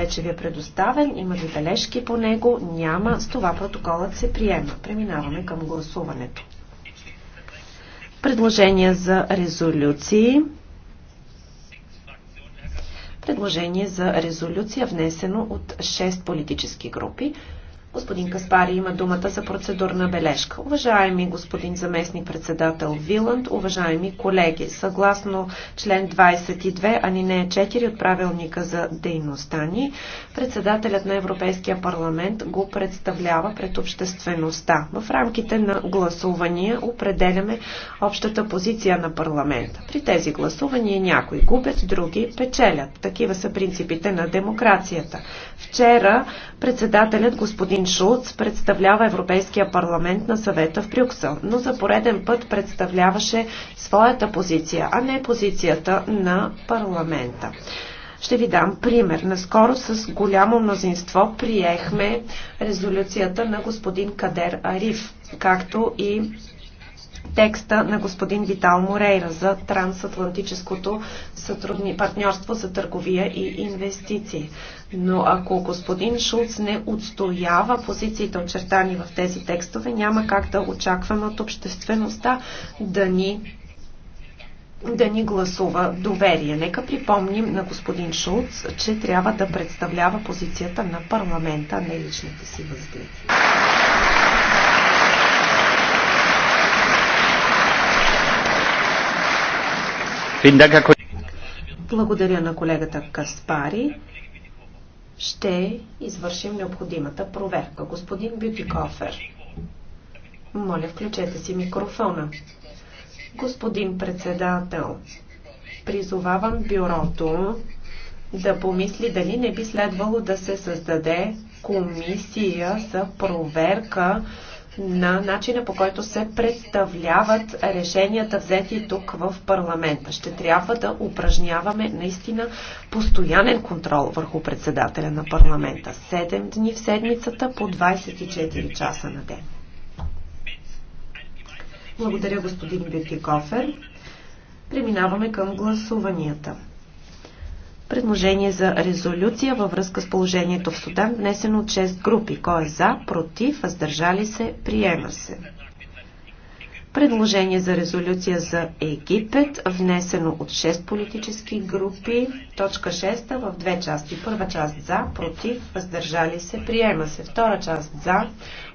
вече ви е предоставен. Има ли бележки по него? Няма. С това протоколът се приема. Преминаваме към гласуването. Предложения за резолюции. Предложение за резолюция, внесено от 6 политически групи. Господин Каспари има думата за процедурна бележка. Уважаеми господин заместник председател Виланд, уважаеми колеги, съгласно член 22, алинея 4 от правилника за дейността ни, председателят на Европейския парламент го представлява пред обществеността. В рамките на гласувания определяме общата позиция на парламента. При тези гласувания някои губят, други печелят. Такива са принципите на демокрацията. Вчера председателят господин Мартин Шулц представлява Европейския парламент на съвета в Брюксел, но за пореден път представляваше своята позиция, а не позицията на парламента. Ще ви дам пример. Наскоро с голямо мнозинство приехме резолюцията на господин Кадер Ариф, както и текста на господин Витал Морейра за трансатлантическото сътрудни... партньорство за търговия и инвестиции. Но ако господин Шулц не отстоява позициите очертани в тези текстове, няма как да очакваме от обществеността да ни да ни гласува доверие. Нека припомним на господин Шулц, че трябва да представлява позицията на парламента, не личните си възгледи. Благодаря на колегата Каспари. Ще извършим необходимата проверка. Господин Бютикофер, моля включете си микрофона. Господин председател, призовавам бюрото да помисли дали не би следвало да се създаде комисия за проверка на начина по който се представляват решенията взети тук в парламента. Ще трябва да упражняваме наистина постоянен контрол върху председателя на парламента. 7 дни в седмицата по 24 часа на ден. Благодаря господин Кофер. Преминаваме към гласуванията. Предложение за резолюция във връзка с положението в Судан, внесено от 6 групи. Кой е за, против, въздържали се, приема се. Предложение за резолюция за Египет, внесено от 6 политически групи. Точка 6 в две части. Първа част за, против, въздържали се, приема се. Втора част за,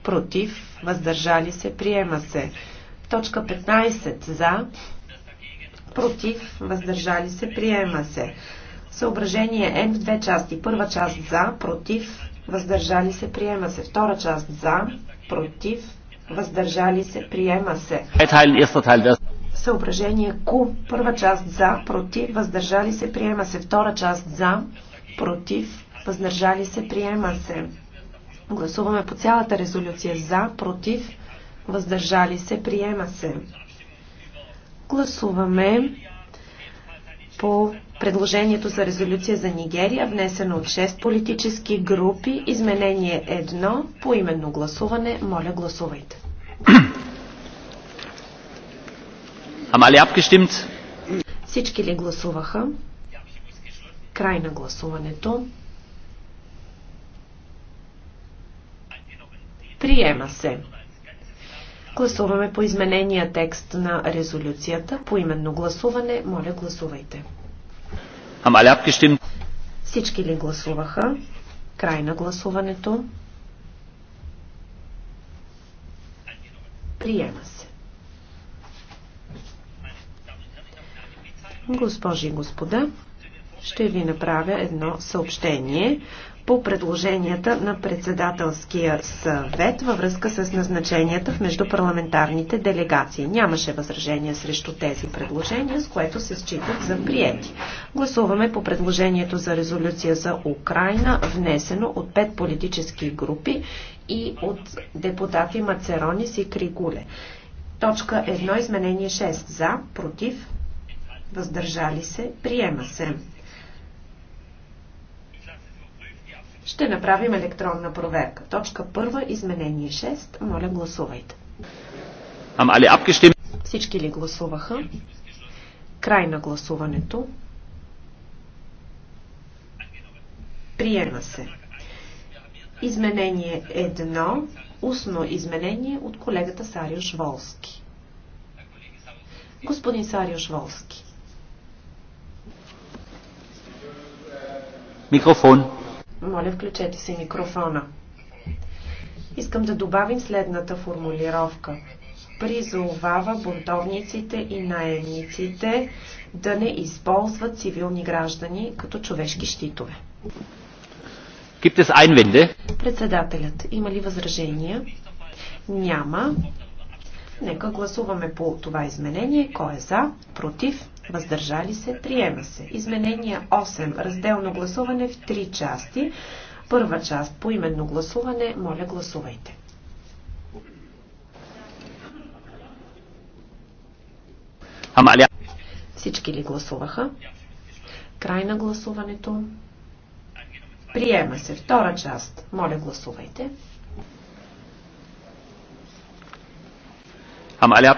против, въздържали се, приема се. Точка 15 за, против, въздържали се, приема се. Съображение Н в две части. Първа част за, против, въздържали се, приема се. Втора част за, против, въздържали се, приема се. Съображение Q. Първа част за, против, въздържали се, приема се. Втора част за, против, въздържали се, приема се. Гласуваме по цялата резолюция за, против, въздържали се, приема се. Гласуваме по предложението за резолюция за Нигерия, внесено от 6 политически групи, изменение 1, по именно гласуване. Моля, гласувайте. Всички ли гласуваха? Край на гласуването. Приема се. Гласуваме по изменения текст на резолюцията. По именно гласуване, моля гласувайте. Всички ли гласуваха? Край на гласуването. Приема се. Госпожи и господа, ще ви направя едно съобщение по предложенията на председателския съвет във връзка с назначенията в междупарламентарните делегации. Нямаше възражения срещу тези предложения, с което се считат за приети. Гласуваме по предложението за резолюция за Украина, внесено от пет политически групи и от депутати Мацеронис и Кригуле. Точка 1, изменение 6. За, против, въздържали се, приема се. Ще направим електронна проверка. Точка първа, изменение 6. Моля, гласувайте. Всички ли гласуваха? Край на гласуването. Приема се. Изменение 1. Устно изменение от колегата Сариош Волски. Господин Сариош Волски. Микрофон. Моля, включете си микрофона. Искам да добавим следната формулировка. Призовава бунтовниците и наемниците да не използват цивилни граждани като човешки щитове. Председателят, има ли възражения? Няма. Нека гласуваме по това изменение. Кой е за? Против? въздържали се, приема се. Изменение 8, разделно гласуване в три части. Първа част по именно гласуване, моля гласувайте. Амалия. Всички ли гласуваха? Край на гласуването. Приема се втора част. Моля гласувайте. Амалия.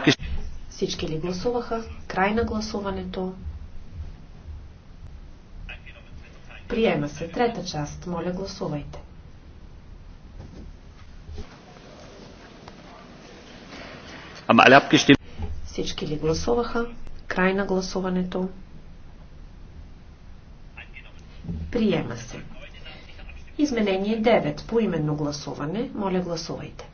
Всички ли гласуваха? Край на гласуването. Приема се. Трета част. Моля, гласувайте. Всички ли гласуваха? Край на гласуването. Приема се. Изменение 9. По именно гласуване. Моля, гласувайте.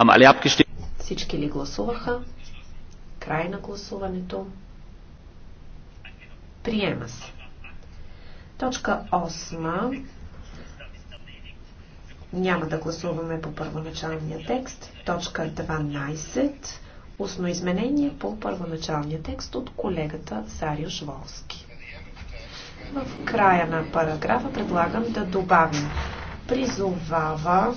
Haben alle всички ли гласуваха? Край на гласуването. Приема се. Точка 8. Няма да гласуваме по първоначалния текст. Точка 12. Устно изменение по първоначалния текст от колегата Сариош Волски. В края на параграфа предлагам да добавим призовава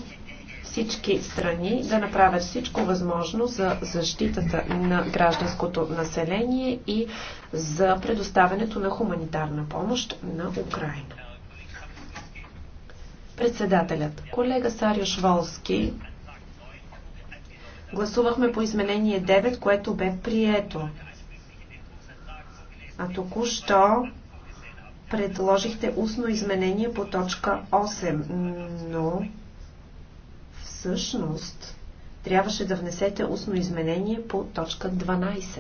всички страни да направят всичко възможно за защитата на гражданското население и за предоставянето на хуманитарна помощ на Украина. Председателят, колега Сариош Волски, гласувахме по изменение 9, което бе прието. А току-що предложихте устно изменение по точка 8, но Всъщност, трябваше да внесете устно изменение по точка 12.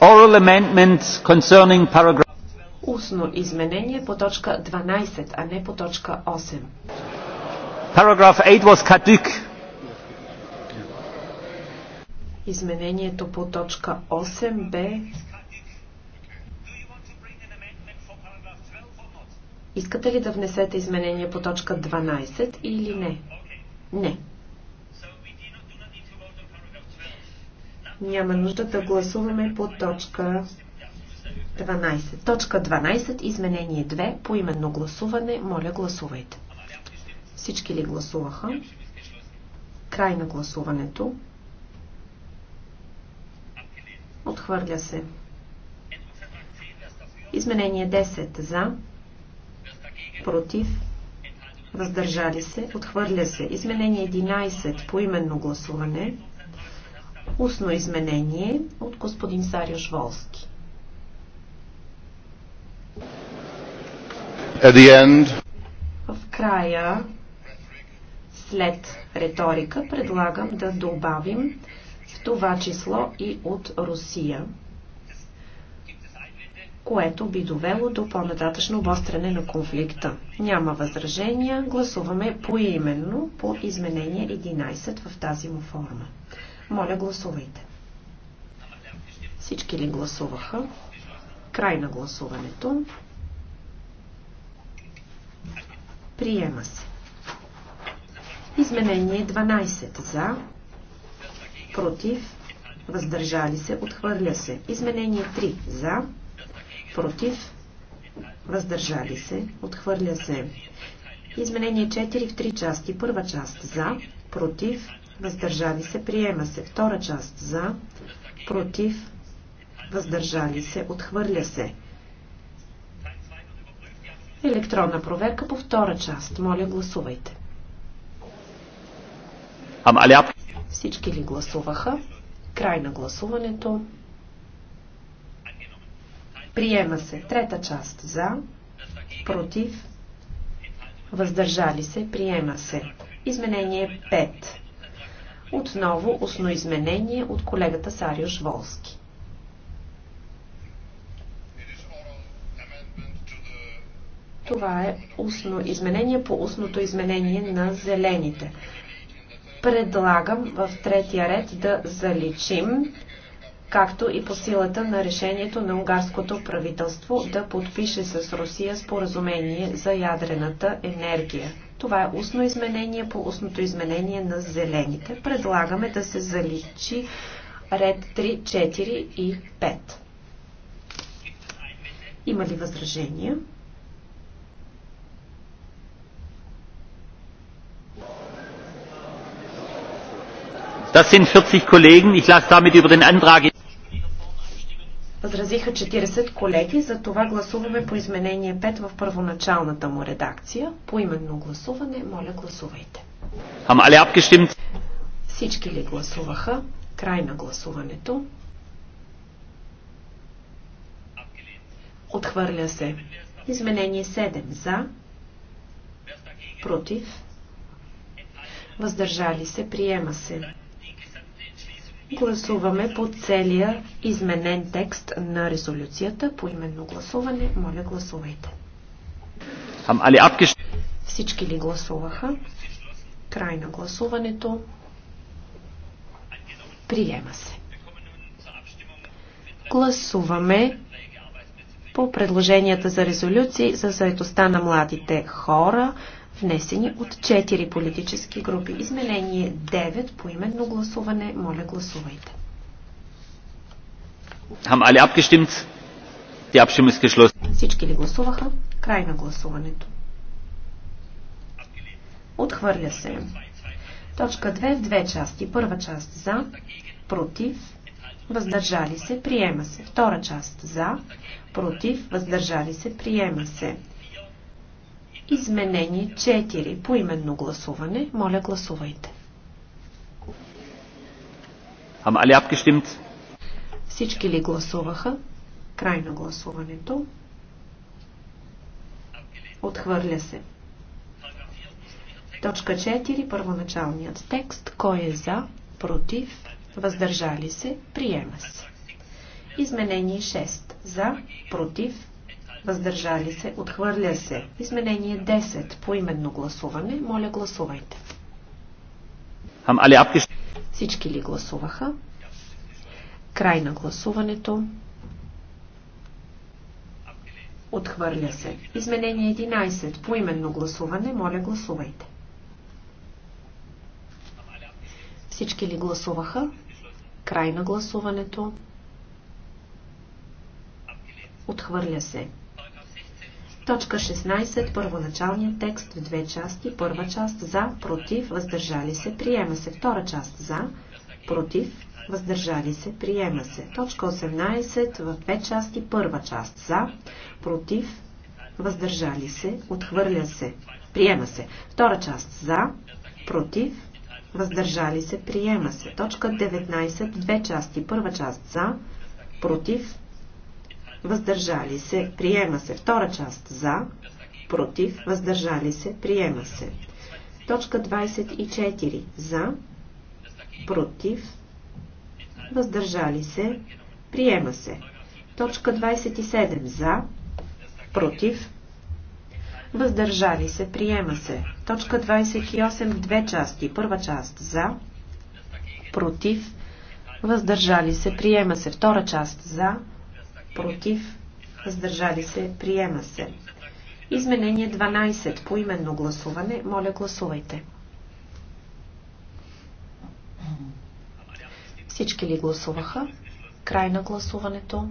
Oral amendments concerning paragraph устно изменение по точка 12, а не по точка 8. Paragraph 8 was caduc. Изменението по точка 8 бе Искате ли да внесете изменения по точка 12 или не? Не. Няма нужда да гласуваме по точка 12. Точка 12, изменение 2, по именно гласуване. Моля, гласувайте. Всички ли гласуваха? Край на гласуването. Отхвърля се. Изменение 10 за против, въздържали се, отхвърля се. Изменение 11 по именно гласуване. Устно изменение от господин Сариош Волски. At the end. В края, след риторика, предлагам да добавим в това число и от Русия което би довело до по-нататъчно обостране на конфликта. Няма възражения. Гласуваме поименно по изменение 11 в тази му форма. Моля, гласувайте. Всички ли гласуваха? Край на гласуването. Приема се. Изменение 12 за, против, въздържали се, отхвърля се. Изменение 3 за, против, въздържали се, отхвърля се. Изменение 4 в 3 части. Първа част за, против, въздържали се, приема се. Втора част за, против, въздържали се, отхвърля се. Електронна проверка по втора част. Моля, гласувайте. Всички ли гласуваха? Край на гласуването. Приема се. Трета част. За. Против. Въздържали се. Приема се. Изменение 5. Отново устно изменение от колегата Сариош Волски. Това е устно изменение по устното изменение на зелените. Предлагам в третия ред да заличим както и по силата на решението на унгарското правителство да подпише с Русия споразумение за ядрената енергия. Това е устно изменение по устното изменение на зелените. Предлагаме да се заличи ред 3, 4 и 5. Има ли възражения? Das sind 40 Kollegen. Ich lasse damit über den Antrag Възразиха 40 колеги, за това гласуваме по изменение 5 в първоначалната му редакция. По именно гласуване, моля гласувайте. Всички ли гласуваха? Край на гласуването. Отхвърля се. Изменение 7 за. Против. Въздържали се. Приема се. Гласуваме по целия изменен текст на резолюцията по именно гласуване. Моля, гласувайте. Всички ли гласуваха? Край на гласуването. Приема се. Гласуваме по предложенията за резолюции за заедостта на младите хора внесени от 4 политически групи. Изменение 9 по именно гласуване. Моля, гласувайте. Всички ли гласуваха? Край на гласуването. Отхвърля се. Точка 2 в две части. Първа част за, против, въздържали се, приема се. Втора част за, против, въздържали се, приема се. Изменение 4. По именно гласуване. Моля, гласувайте. Am alle abgestimmt? Всички ли гласуваха? Край на гласуването. Отхвърля се. Точка 4. Първоначалният текст. Кой е за? Против? Въздържали се? Приема се. Изменение 6. За? Против? въздържали се, отхвърля се. Изменение 10, по именно гласуване. Моля, гласувайте. Всички ли гласуваха? Край на гласуването. Отхвърля се. Изменение 11. По именно гласуване. Моля, гласувайте. Всички ли гласуваха? Край на гласуването. Отхвърля се. Точка 16. Първоначалният текст в две части. Първа част за, против, въздържали се, приема се. Втора част за, против, въздържали се, приема се. Точка 18. В две части. Първа част за, против, въздържали се, отхвърля се, приема се. Втора част за, против, въздържали се, приема се. Точка 19. Две части. Първа част за, против, въздържали се, приема се. Втора част за, против, въздържали се, приема се. Точка 24 за, против, въздържали се, приема се. Точка 27 за, против, въздържали се, приема се. Точка 28 в две части. Първа част за, против, въздържали се, приема се. Втора част за, против, въздържали се, приема се. Изменение 12 по именно гласуване. Моля, гласувайте. Всички ли гласуваха? Край на гласуването.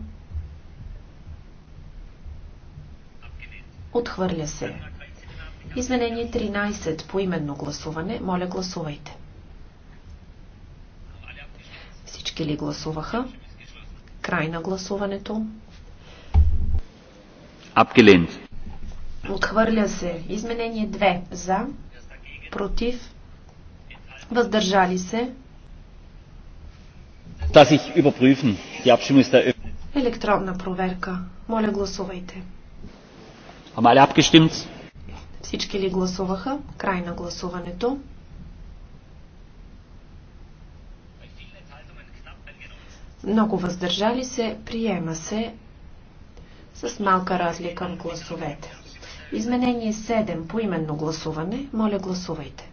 Отхвърля се. Изменение 13 по именно гласуване. Моля, гласувайте. Всички ли гласуваха? Край на гласуването. Abgelehnt. Отхвърля се. Изменение 2. За. Против. Въздържали се. ich überprüfen. Die Abstimmung ist eröffnet. Електронна проверка. Моля гласувайте. Haben alle abgestimmt? Всички ли гласуваха? Край на гласуването. Много въздържали се, приема се с малка разлика в гласовете. Изменение 7 по именно гласуване. Моля, гласувайте.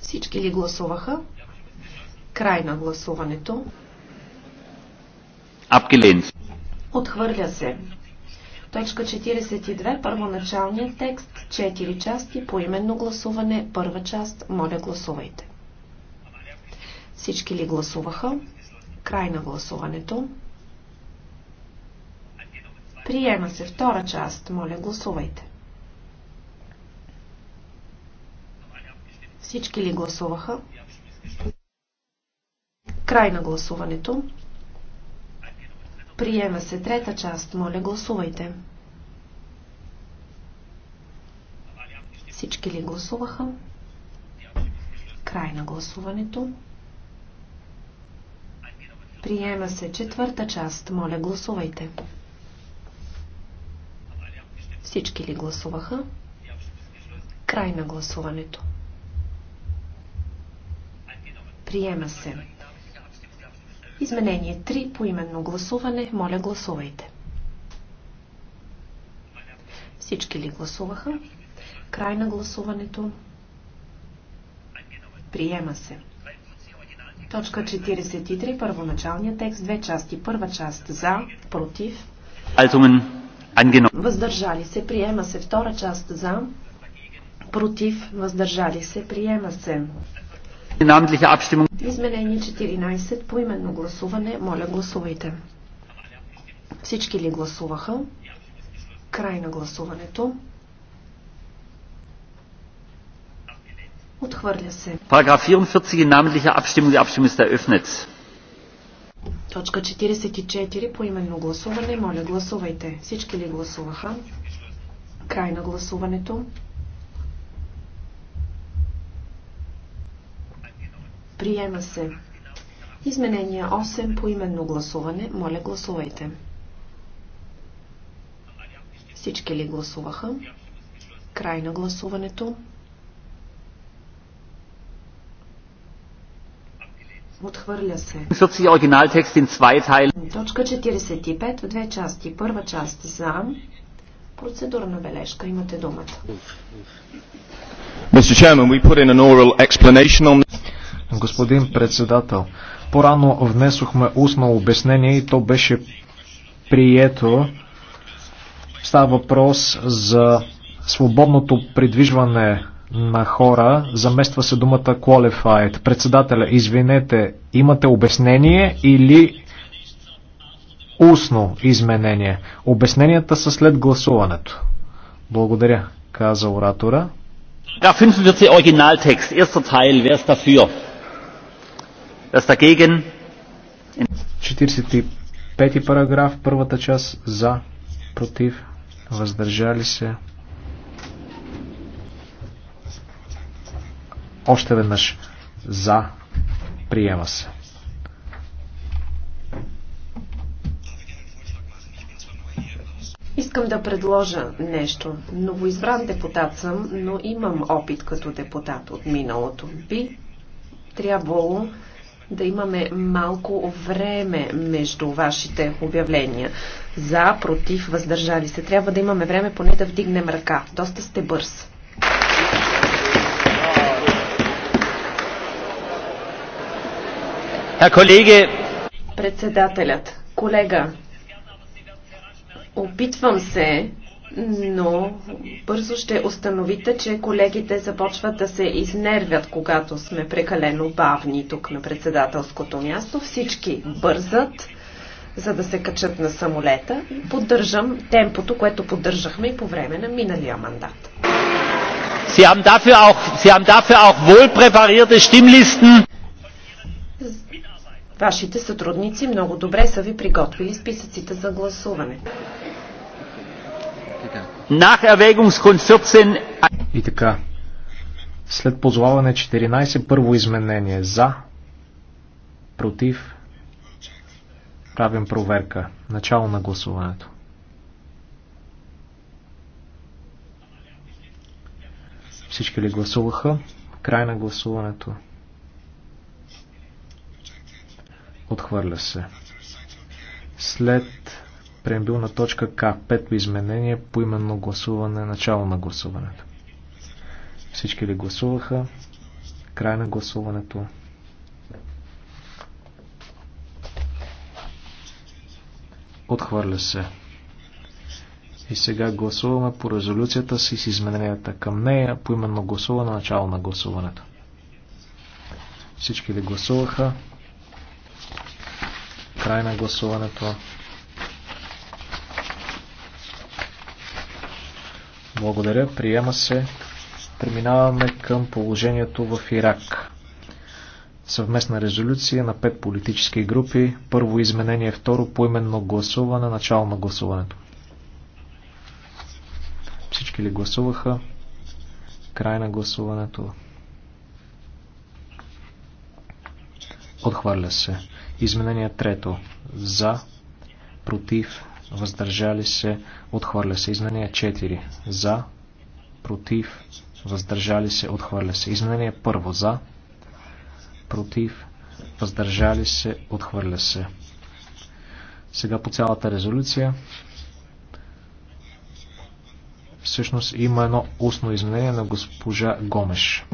Всички ли гласуваха? Край на гласуването. Отхвърля се. Точка 42. Първоначалният текст. 4 части. по именно гласуване. Първа част. Моля, гласувайте. Всички ли гласуваха? Край на гласуването. Приема се втора част. Моля, гласувайте. Всички ли гласуваха? Край на гласуването. Приема се трета част. Моля, гласувайте. Всички ли гласуваха? Край на гласуването. Приема се четвърта част. Моля, гласувайте. Всички ли гласуваха? Край на гласуването. Приема се. Изменение 3 по именно гласуване. Моля, гласувайте. Всички ли гласуваха? Край на гласуването. Приема се. Точка 43, първоначалният текст, две части. Първа част за, против. Въздържали се, приема се. Втора част за, против, въздържали се, приема се. Изменение 14, по именно гласуване, моля гласувайте. Всички ли гласуваха? Край на гласуването. Отхвърля се. Параграф 44, намендлиха абстимунг, абстимунг сте öffnet. Точка 44, по именно гласуване. Моля, гласувайте. Всички ли гласуваха? Край на гласуването. Приема се. Изменение 8 по именно гласуване. Моля, гласувайте. Всички ли гласуваха? Край на гласуването. Отхвърля се. Е Точка 45, в две части. Първа част за. Процедурна бележка. Имате думата. Господин председател, по-рано внесохме устно обяснение и то беше прието. Става въпрос за свободното придвижване на хора, замества се думата qualified. Председателя, извинете, имате обяснение или устно изменение? Обясненията са след гласуването. Благодаря, каза оратора. Да, 45 текст. Ерста тайл, wer ist dafür? Wer ist dagegen? 45 параграф, първата част за, против, въздържали се, Още веднъж за. Приема се. Искам да предложа нещо. Новоизбран депутат съм, но имам опит като депутат от миналото. Би трябвало да имаме малко време между вашите обявления. За, против, въздържали се. Трябва да имаме време поне да вдигнем ръка. Доста сте бърз. Председателят, колега, опитвам се, но бързо ще установите, че колегите започват да се изнервят, когато сме прекалено бавни тук на председателското място. Всички бързат, за да се качат на самолета. Поддържам темпото, което поддържахме и по време на миналия мандат. Sie haben dafür auch, Sie haben dafür auch wohl präparierte Stimmlisten. Вашите сътрудници много добре са ви приготвили списъците за гласуване. И така, след позоваване 14, първо изменение за, против, правим проверка. Начало на гласуването. Всички ли гласуваха? Край на гласуването. Отхвърля се. След преамбилна точка К, пето изменение по именно гласуване, начало на гласуването. Всички ли гласуваха? Край на гласуването. Отхвърля се. И сега гласуваме по резолюцията си с измененията към нея, по именно гласуване, начало на гласуването. Всички ли гласуваха? Край на гласуването. Благодаря. Приема се. Преминаваме към положението в Ирак. Съвместна резолюция на пет политически групи. Първо изменение, второ поименно гласуване, начало на гласуването. Всички ли гласуваха? Край на гласуването. Отхвърля се. Изменение трето. За, против, въздържали се, отхвърля се. Изменение 4. За, против, въздържали се, отхвърля се. Изменение първо. За, против, въздържали се, отхвърля се. Сега по цялата резолюция. Всъщност има едно устно изменение на госпожа Гомеш.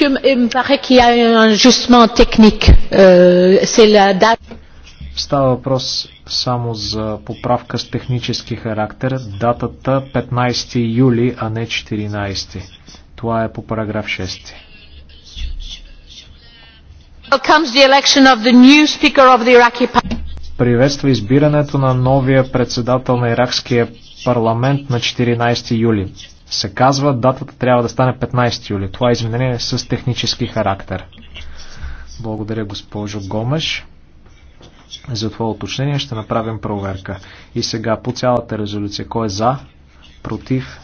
Monsieur, il me paraît qu'il y a un ajustement technique. Euh, c'est la date. Става въпрос само за поправка с технически характер. Датата 15 юли, а не 14. Това е по параграф 6. Приветства избирането на новия председател на иракския парламент на 14 юли се казва, датата трябва да стане 15 юли. Това е изменение с технически характер. Благодаря, госпожо Гомеш. За това уточнение ще направим проверка. И сега по цялата резолюция. Кой е за? Против?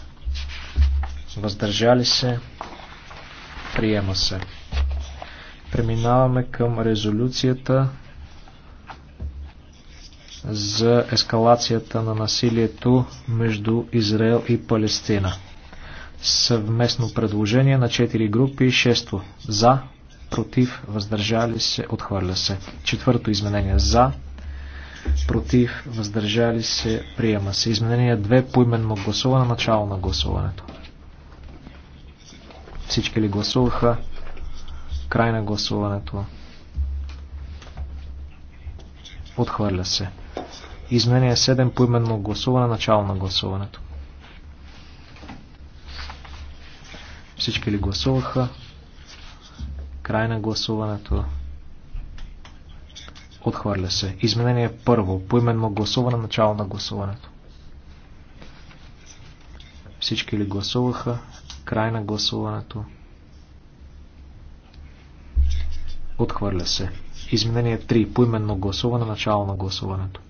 Въздържали се? Приема се. Преминаваме към резолюцията за ескалацията на насилието между Израел и Палестина. Съвместно предложение на 4 групи. Шесто за, против, въздържали се, отхвърля се. Четвърто изменение за, против, въздържали се, приема се. Изменение 2 по именно гласуване, начало на гласуването. Всички ли гласуваха? Край на гласуването. Отхвърля се. Изменение 7 по именно гласуване, начало на гласуването. Всички ли гласуваха? Край на гласуването. Отхвърля се. Изменение първо. Поименно гласуване. Начало на гласуването. Всички ли гласуваха? Край на гласуването. Отхвърля се. Изменение 3. Поименно гласуване. Начало на гласуването.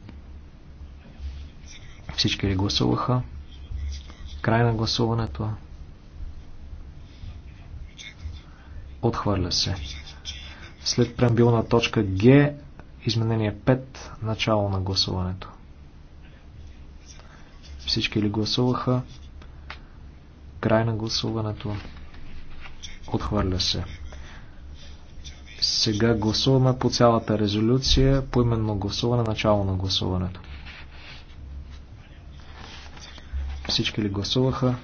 Всички ли гласуваха? Край на гласуването. Отхвърля се. След преамбилна точка Г, изменение 5, начало на гласуването. Всички ли гласуваха? Край на гласуването. Отхвърля се. Сега гласуваме по цялата резолюция, по именно гласуване, начало на гласуването. Всички ли гласуваха?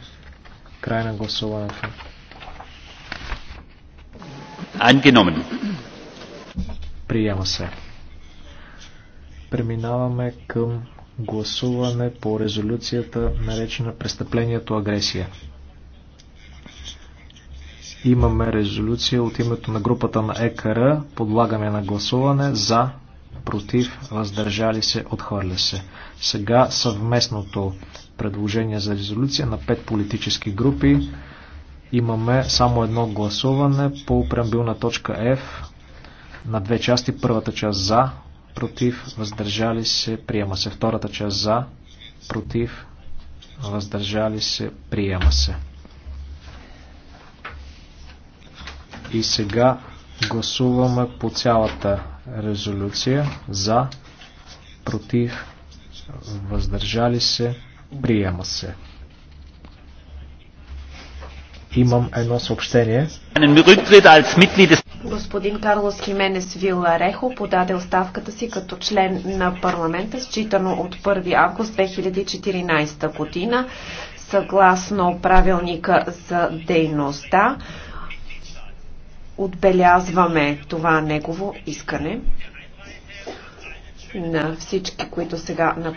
Край на гласуването. Angenommen. Приема се. Преминаваме към гласуване по резолюцията, наречена престъплението агресия. Имаме резолюция от името на групата на ЕКР. Подлагаме на гласуване за, против, въздържали се, отхвърля се. Сега съвместното предложение за резолюция на пет политически групи. Имаме само едно гласуване по преамбилна точка F на две части. Първата част за, против, въздържали се, приема се. Втората част за, против, въздържали се, приема се. И сега гласуваме по цялата резолюция за, против, въздържали се, приема се имам едно съобщение. Господин Карлос Хименес Виларехо подаде оставката си като член на парламента, считано от 1 август 2014 година, съгласно правилника за дейността. Отбелязваме това негово искане на всички, които сега напускат.